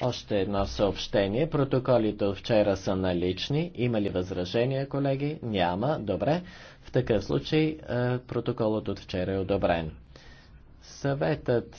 Още едно съобщение. Протоколите от вчера са налични. Има ли възражения, колеги? Няма. Добре. В такъв случай е, протоколът от вчера е одобрен. Съветът